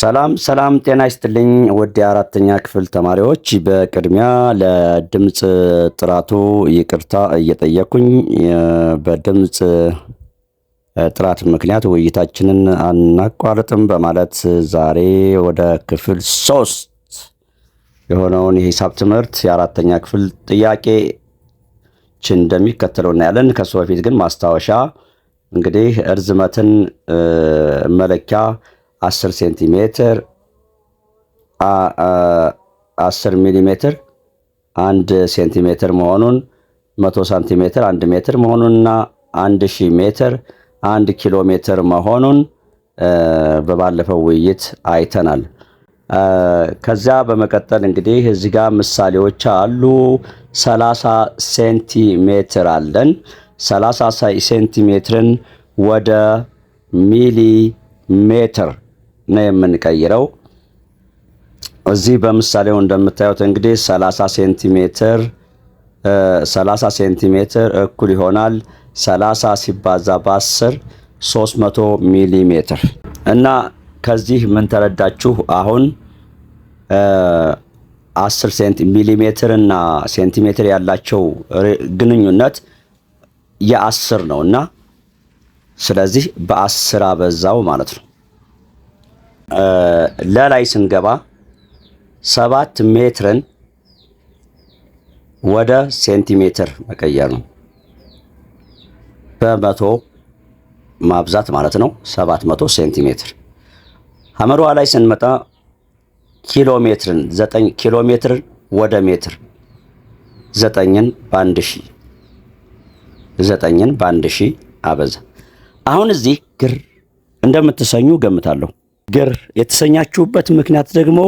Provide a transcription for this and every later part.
ሰላም ሰላም፣ ጤና ይስጥልኝ ውድ የአራተኛ ክፍል ተማሪዎች፣ በቅድሚያ ለድምፅ ጥራቱ ይቅርታ እየጠየኩኝ በድምፅ ጥራት ምክንያት ውይይታችንን አናቋርጥም በማለት ዛሬ ወደ ክፍል ሶስት የሆነውን የሂሳብ ትምህርት የአራተኛ ክፍል ጥያቄችን እንደሚከተለው እናያለን። ከሱ በፊት ግን ማስታወሻ እንግዲህ እርዝመትን መለኪያ 10 ሴንቲሜትር 10 ሚሊ ሜትር 1 ሴንቲሜትር መሆኑን 100 ሳንቲሜትር 1 ሜትር መሆኑንና 1000 ሜትር 1 ኪሎ ሜትር መሆኑን በባለፈው ውይይት አይተናል። ከዚያ በመቀጠል እንግዲህ እዚህ ጋር ምሳሌዎች አሉ። 30 ሴንቲሜትር አለን። 30 ሴንቲሜትርን ወደ ሚሊ ሜትር ነው የምንቀይረው። እዚህ በምሳሌው እንደምታዩት እንግዲህ 30 ሴንቲሜትር 30 ሴንቲሜትር እኩል ይሆናል 30 ሲባዛ በ10 300 ሚሊ ሜትር እና ከዚህ ምን ተረዳችሁ? አሁን 10 ሴንቲ ሚሊ ሜትር እና ሴንቲሜትር ያላቸው ግንኙነት የአስር ነው እና ስለዚህ በ10 አበዛው ማለት ነው። ለላይ ስንገባ ሰባት ሜትርን ወደ ሴንቲሜትር መቀየር ነው። በመቶ ማብዛት ማለት ነው። ሰባት መቶ ሴንቲሜትር ሀመሯ ላይ ስንመጣ ኪሎ ሜትርን ዘጠኝ ኪሎ ሜትር ወደ ሜትር ዘጠኝን በአንድ ሺህ ዘጠኝን በአንድ ሺ አበዛ። አሁን እዚህ ግር እንደምትሰኙ ገምታለሁ። ግር የተሰኛችሁበት ምክንያት ደግሞ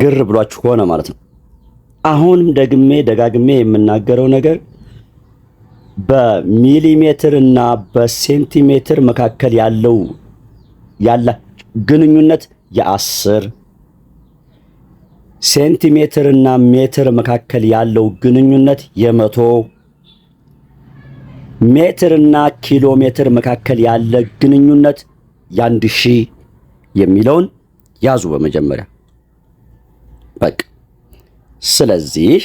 ግር ብሏችሁ ከሆነ ማለት ነው። አሁንም ደግሜ ደጋግሜ የምናገረው ነገር በሚሊሜትር እና በሴንቲሜትር መካከል ያለው ያለ ግንኙነት የአስር ሴንቲሜትር እና ሜትር መካከል ያለው ግንኙነት የመቶ ሜትርና ኪሎ ሜትር መካከል ያለ ግንኙነት የአንድ ሺህ የሚለውን ያዙ በመጀመሪያ በቃ። ስለዚህ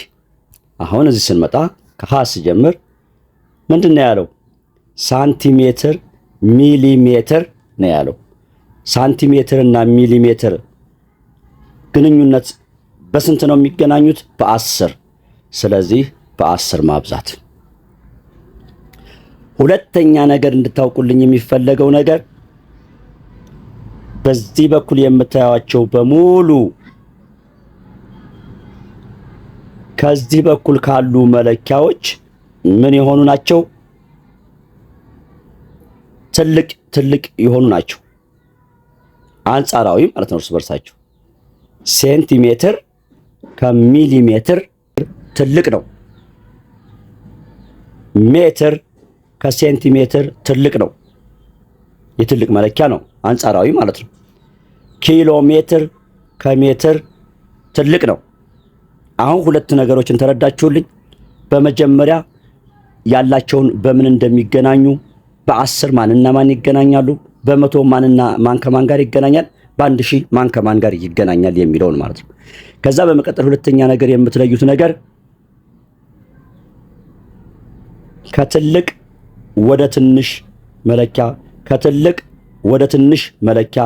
አሁን እዚህ ስንመጣ ከሀ ስጀምር ምንድን ነው ያለው? ሳንቲሜትር ሚሊሜትር ነው ያለው። ሳንቲሜትር እና ሚሊሜትር ግንኙነት በስንት ነው የሚገናኙት? በአስር ስለዚህ በአስር ማብዛት ሁለተኛ ነገር እንድታውቁልኝ የሚፈለገው ነገር በዚህ በኩል የምታዩቸው በሙሉ ከዚህ በኩል ካሉ መለኪያዎች ምን የሆኑ ናቸው? ትልቅ ትልቅ የሆኑ ናቸው። አንጻራዊ ማለት ነው እርስ በርሳቸው። ሴንቲሜትር ከሚሊሜትር ትልቅ ነው። ሜትር ከሴንቲሜትር ትልቅ ነው። የትልቅ መለኪያ ነው፣ አንጻራዊ ማለት ነው። ኪሎ ሜትር ከሜትር ትልቅ ነው። አሁን ሁለት ነገሮችን ተረዳችሁልኝ። በመጀመሪያ ያላቸውን በምን እንደሚገናኙ፣ በአስር ማንና ማን ይገናኛሉ፣ በመቶ ማንና ማን ከማን ጋር ይገናኛል፣ በአንድ ሺህ ማን ከማን ጋር ይገናኛል የሚለውን ማለት ነው። ከዛ በመቀጠል ሁለተኛ ነገር የምትለዩት ነገር ከትልቅ ወደ ትንሽ መለኪያ ከትልቅ ወደ ትንሽ መለኪያ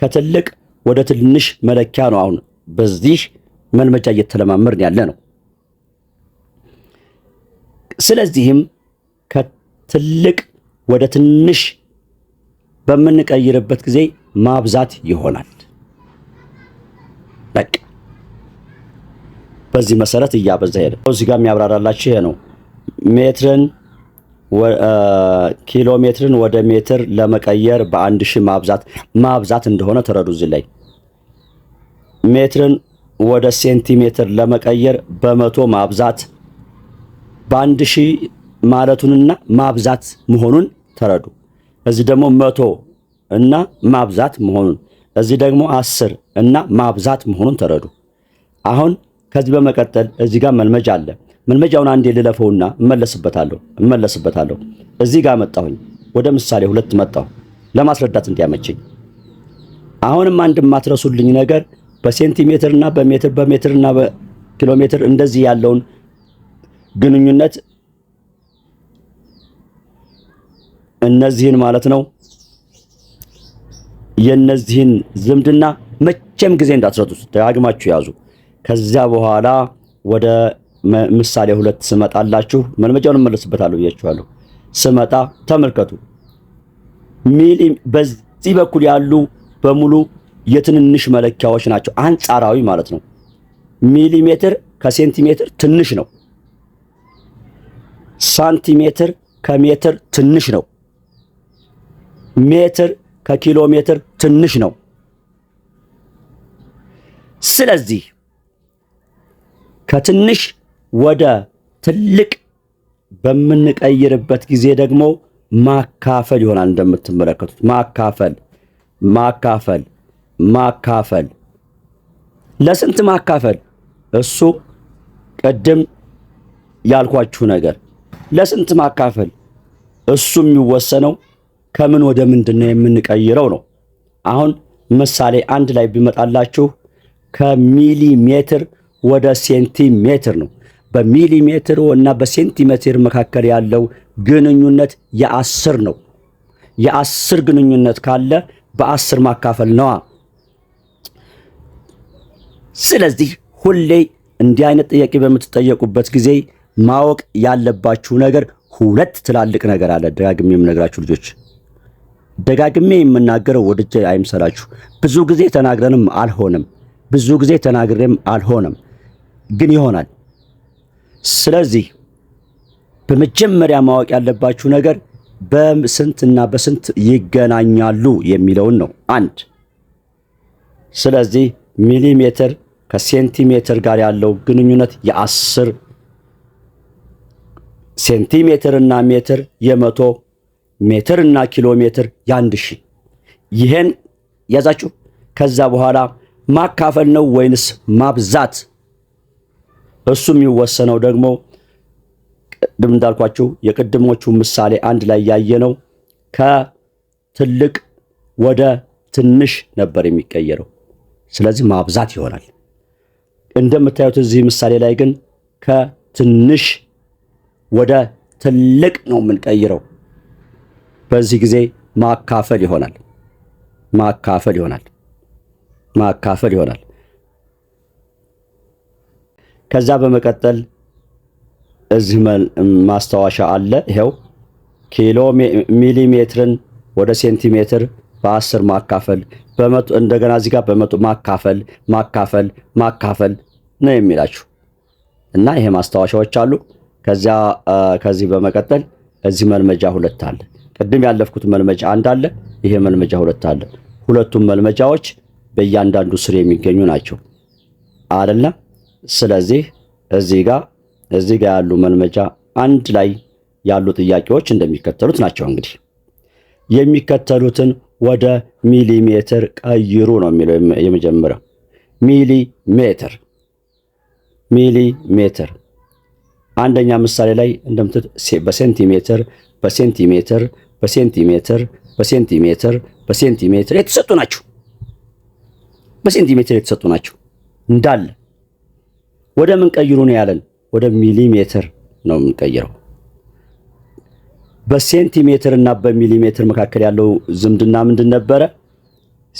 ከትልቅ ወደ ትንሽ መለኪያ ነው። አሁን በዚህ መልመጃ እየተለማመርን ያለ ነው። ስለዚህም ከትልቅ ወደ ትንሽ በምንቀይርበት ጊዜ ማብዛት ይሆናል። በቃ በዚህ መሰረት እያበዛ ሄደ። እዚህ ጋር የሚያብራራላችሁ ይሄ ነው ሜትርን ኪሎ ሜትርን ወደ ሜትር ለመቀየር በአንድ ሺህ ማብዛት ማብዛት እንደሆነ ተረዱ። እዚህ ላይ ሜትርን ወደ ሴንቲሜትር ለመቀየር በመቶ ማብዛት በአንድ ሺህ ማለቱንና ማብዛት መሆኑን ተረዱ። እዚህ ደግሞ መቶ እና ማብዛት መሆኑን እዚህ ደግሞ አስር እና ማብዛት መሆኑን ተረዱ። አሁን ከዚህ በመቀጠል እዚህ ጋር መልመጃ አለ። መልመጃውን አንዴ ልለፈውና እመለስበታለሁ እመለስበታለሁ። እዚህ ጋር መጣሁኝ፣ ወደ ምሳሌ ሁለት መጣሁ ለማስረዳት እንዲያመችኝ። አሁንም አንድ የማትረሱልኝ ነገር በሴንቲሜትርና በሜትር በሜትርና በኪሎ ሜትር እንደዚህ ያለውን ግንኙነት እነዚህን ማለት ነው የነዚህን ዝምድና መቼም ጊዜ እንዳትረጡት፣ ደጋግማችሁ ያዙ። ከዚያ በኋላ ወደ ምሳሌ ሁለት ስመጣላችሁ መልመጃውን እመለስበታለሁ ብያችኋለሁ። ስመጣ ተመልከቱ። ሚሊ በዚህ በኩል ያሉ በሙሉ የትንንሽ መለኪያዎች ናቸው፣ አንጻራዊ ማለት ነው። ሚሊሜትር ከሴንቲሜትር ትንሽ ነው። ሳንቲሜትር ከሜትር ትንሽ ነው። ሜትር ከኪሎ ሜትር ትንሽ ነው። ስለዚህ ከትንሽ ወደ ትልቅ በምንቀይርበት ጊዜ ደግሞ ማካፈል ይሆናል። እንደምትመለከቱት ማካፈል ማካፈል ማካፈል ለስንት ማካፈል? እሱ ቅድም ያልኳችሁ ነገር ለስንት ማካፈል? እሱ የሚወሰነው ከምን ወደ ምንድን ነው የምንቀይረው ነው። አሁን ምሳሌ አንድ ላይ ቢመጣላችሁ ከሚሊሜትር ወደ ሴንቲሜትር ነው። በሚሊሜትር እና በሴንቲሜትር መካከል ያለው ግንኙነት የአስር ነው። የአስር ግንኙነት ካለ በአስር ማካፈል ነዋ። ስለዚህ ሁሌ እንዲህ አይነት ጥያቄ በምትጠየቁበት ጊዜ ማወቅ ያለባችሁ ነገር ሁለት ትላልቅ ነገር አለ። ደጋግሜ የምነግራችሁ ልጆች፣ ደጋግሜ የምናገረው ወድጄ አይምሰላችሁ። ብዙ ጊዜ ተናግረንም አልሆነም፣ ብዙ ጊዜ ተናግሬም አልሆነም፣ ግን ይሆናል። ስለዚህ በመጀመሪያ ማወቅ ያለባችሁ ነገር በስንትና በስንት ይገናኛሉ የሚለውን ነው። አንድ ስለዚህ ሚሊሜትር ከሴንቲሜትር ጋር ያለው ግንኙነት የአስር ሴንቲሜትር እና ሜትር የመቶ ሜትር እና ኪሎ ሜትር የአንድ ሺህ ይሄን ያዛችሁ። ከዛ በኋላ ማካፈል ነው ወይንስ ማብዛት እሱ የሚወሰነው ደግሞ ቅድም እንዳልኳችሁ የቅድሞቹ ምሳሌ አንድ ላይ ያየነው ከትልቅ ወደ ትንሽ ነበር የሚቀየረው። ስለዚህ ማብዛት ይሆናል። እንደምታዩት እዚህ ምሳሌ ላይ ግን ከትንሽ ወደ ትልቅ ነው የምንቀይረው። በዚህ ጊዜ ማካፈል ይሆናል። ማካፈል ይሆናል። ማካፈል ይሆናል። ከዛ በመቀጠል እዚህ ማስታወሻ አለ። ይኸው ኪሎ ሚሊሜትርን ወደ ሴንቲሜትር በአስር ማካፈል በመቶ እንደገና እዚህ ጋር በመቶ ማካፈል ማካፈል ማካፈል ነው የሚላችሁ እና ይሄ ማስታወሻዎች አሉ። ከዚያ ከዚህ በመቀጠል እዚህ መልመጃ ሁለት አለ። ቅድም ያለፍኩት መልመጃ አንድ አለ። ይሄ መልመጃ ሁለት አለ። ሁለቱም መልመጃዎች በእያንዳንዱ ስር የሚገኙ ናቸው አይደለም። ስለዚህ እዚህ ጋር እዚህ ጋር ያሉ መልመጃ አንድ ላይ ያሉ ጥያቄዎች እንደሚከተሉት ናቸው። እንግዲህ የሚከተሉትን ወደ ሚሊሜትር ቀይሩ ነው የሚለው የመጀመሪያው ሚሊሜትር ሚሊሜትር አንደኛ ምሳሌ ላይ እንደምትት በሴንቲሜትር በሴንቲሜትር በሴንቲሜትር በሴንቲሜትር በሴንቲሜትር የተሰጡ ናቸው። በሴንቲሜትር የተሰጡ ናቸው እንዳለ ወደ ምን ቀይሩ ነው ያለን? ወደ ሚሊሜትር ነው የምንቀይረው። በሴንቲሜትር እና በሚሊሜትር መካከል ያለው ዝምድና ምንድን ነበረ?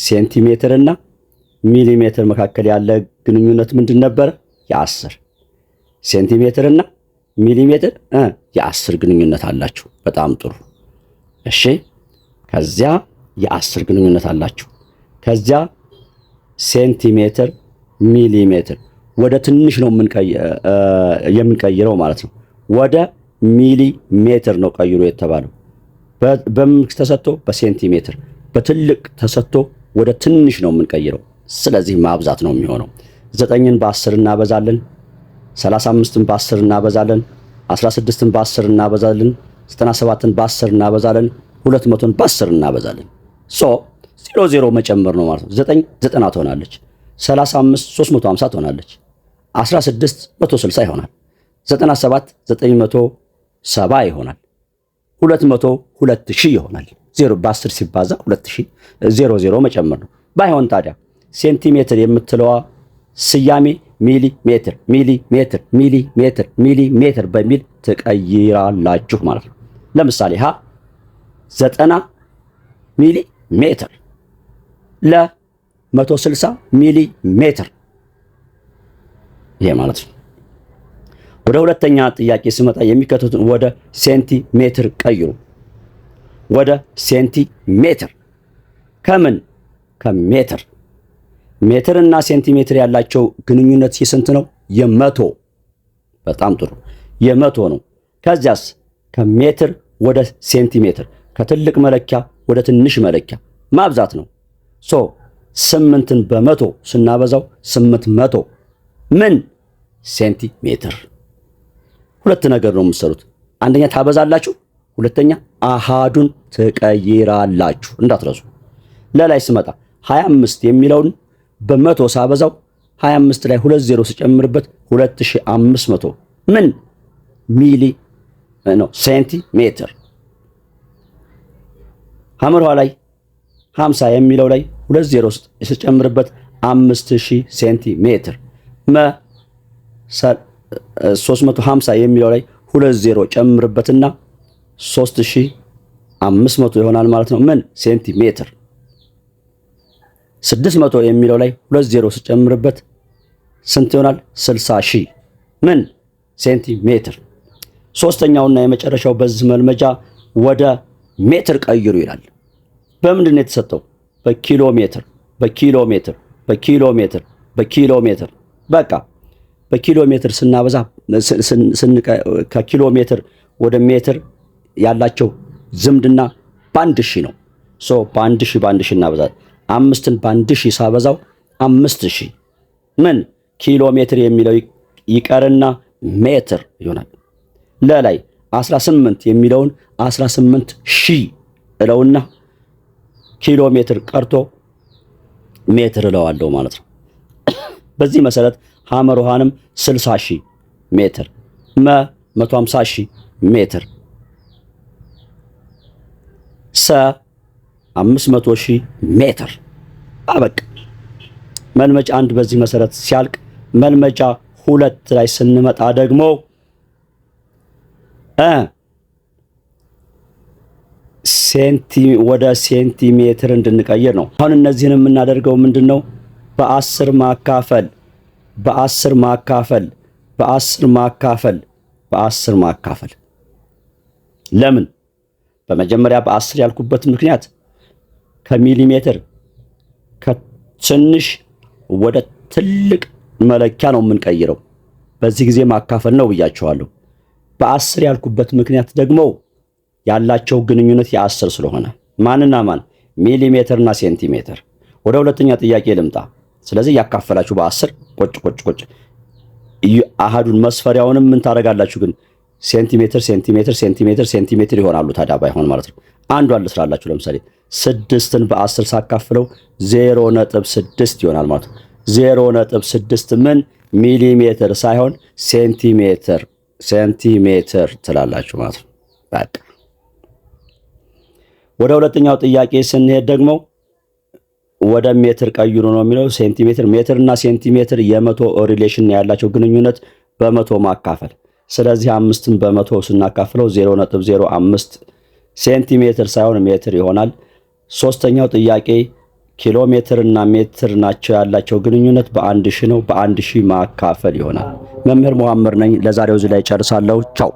ሴንቲሜትር እና ሚሊሜትር መካከል ያለ ግንኙነት ምንድን ነበረ? የአስር ሴንቲሜትር እና ሚሊሜትር የአስር ግንኙነት አላችሁ። በጣም ጥሩ እሺ። ከዚያ የአስር ግንኙነት አላችሁ። ከዚያ ሴንቲሜትር ሚሊሜትር ወደ ትንሽ ነው የምንቀይረው ማለት ነው። ወደ ሚሊ ሜትር ነው ቀይሮ የተባለው። በምንክ ተሰጥቶ በሴንቲሜትር በትልቅ ተሰጥቶ ወደ ትንሽ ነው የምንቀይረው። ስለዚህ ማብዛት ነው የሚሆነው። ዘጠኝን በአስር እናበዛለን። ሰላሳ አምስትን በአስር እናበዛለን። አስራ ስድስትን በአስር እናበዛለን። ዘጠና ሰባትን በአስር እናበዛለን። ሁለት መቶን በአስር እናበዛለን። ሶ ዜሮ ዜሮ መጨመር ነው ማለት ነው። ዘጠኝ ዘጠና ትሆናለች። ሰላሳ አምስት ሶስት መቶ ሃምሳ ትሆናለች። 16 160 ይሆናል። 97 970 ይሆናል። 200 2000 ይሆናል። 0 በ10 ሲባዛ 2000 00 መጨመር ነው። ባይሆን ታዲያ ሴንቲሜትር የምትለዋ ስያሜ ሚሊ ሜትር ሚሊ ሜትር ሚሊ ሜትር ሚሊ ሜትር በሚል ትቀይራላችሁ ማለት ነው። ለምሳሌ ሀ 90 ሚሊ ሜትር ለ 160 ሚሊ ሜትር ይሄ ማለት ነው። ወደ ሁለተኛ ጥያቄ ስመጣ የሚከተቱን ወደ ሴንቲሜትር ቀይሩ። ወደ ሴንቲሜትር ከምን ከሜትር ሜትር እና ሴንቲሜትር ያላቸው ግንኙነት የስንት ነው? የመቶ በጣም ጥሩ የመቶ ነው። ከዚያስ ከሜትር ወደ ሴንቲሜትር ከትልቅ መለኪያ ወደ ትንሽ መለኪያ ማብዛት ነው። ሶ ስምንትን በመቶ ስናበዛው ስምንት መቶ ምን ሴንቲሜትር። ሁለት ነገር ነው የምትሰሩት። አንደኛ ታበዛላችሁ፣ ሁለተኛ አሃዱን ትቀይራላችሁ። እንዳትረሱ። ለላይ ስመጣ 25 የሚለውን በመቶ ሳበዛው 25 ላይ ሁለት ዜሮ ስጨምርበት 2500 ምን ሚሊ ነው ሴንቲሜትር። ሐምርኋ ላይ 50 የሚለው ላይ ሁለት ዜሮ ስጨምርበት 5000 ሴንቲሜትር 350 የሚለው ላይ ሁለት ዜሮ ጨምርበትና 3500 ይሆናል ማለት ነው። ምን ሴንቲሜትር 600 የሚለው ላይ ሁለት ዜሮ ስጨምርበት ስንት ይሆናል? 60 ሺህ ምን ሴንቲሜትር። ሶስተኛውና የመጨረሻው በዚህ መልመጃ ወደ ሜትር ቀይሩ ይላል። በምንድን ነው የተሰጠው? በኪሎ ሜትር በኪሎ ሜትር በኪሎ ሜትር በኪሎ ሜትር በቃ በኪሎ ሜትር ስናበዛ ከኪሎ ሜትር ወደ ሜትር ያላቸው ዝምድና በአንድ ሺ ነው። ሶ በአንድ ሺ በአንድ ሺ እናበዛለን። አምስትን በአንድ ሺ ሳበዛው አምስት ሺ ምን ኪሎ ሜትር የሚለው ይቀርና ሜትር ይሆናል። ለላይ 18 የሚለውን 18 ሺህ እለውና ኪሎ ሜትር ቀርቶ ሜትር እለዋለሁ ማለት ነው። በዚህ መሰረት ሐመር ውሃንም 60 ሺህ ሜትር መ 150 ሺህ ሜትር ሰ 500 ሺህ ሜትር። አበቃ። መልመጫ አንድ በዚህ መሰረት ሲያልቅ መልመጫ ሁለት ላይ ስንመጣ ደግሞ እ ሴንቲ ወደ ሴንቲሜትር እንድንቀይር ነው። አሁን እነዚህን የምናደርገው ምንድን ነው? በአስር ማካፈል በአስር ማካፈል በአስር ማካፈል በአስር ማካፈል። ለምን በመጀመሪያ በአስር ያልኩበት ምክንያት ከሚሊሜትር ከትንሽ ወደ ትልቅ መለኪያ ነው የምንቀይረው። በዚህ ጊዜ ማካፈል ነው ብያቸዋለሁ። በአስር ያልኩበት ምክንያት ደግሞ ያላቸው ግንኙነት የአስር ስለሆነ ማንና ማን ሚሊሜትርና ሴንቲሜትር። ወደ ሁለተኛ ጥያቄ ልምጣ። ስለዚህ እያካፈላችሁ በአስር ቆጭ ቆጭ ቆጭ አሃዱን መስፈሪያውንም ምን ታደርጋላችሁ ግን ሴንቲሜትር ሴንቲሜትር ሴንቲሜትር ሴንቲሜትር ይሆናሉ። ታዲያ ባይሆን ማለት ነው። አንዷን ልስራላችሁ። ለምሳሌ ስድስትን በአስር ሳካፍለው ዜሮ ነጥብ ስድስት ይሆናል ማለት ነው። ዜሮ ነጥብ ስድስት ምን ሚሊሜትር ሳይሆን ሴንቲሜትር ሴንቲሜትር ትላላችሁ ማለት ነው። በቃ ወደ ሁለተኛው ጥያቄ ስንሄድ ደግሞ ወደ ሜትር ቀይሩ ነው የሚለው። ሴንቲሜትር ሜትር እና ሴንቲሜትር የመቶ ሪሌሽን ያላቸው ግንኙነት በመቶ ማካፈል። ስለዚህ አምስትን በመቶ ስናካፍለው ዜሮ ነጥብ ዜሮ ሴንቲሜትር ሳይሆን ሜትር ይሆናል። ሶስተኛው ጥያቄ ኪሎ ሜትር እና ሜትር ናቸው ያላቸው ግንኙነት በአንድ ሺህ ነው። በአንድ ሺህ ማካፈል ይሆናል። መምህር መሐመድ ነኝ። ለዛሬው እዚህ ላይ ጨርሳለሁ። ቻው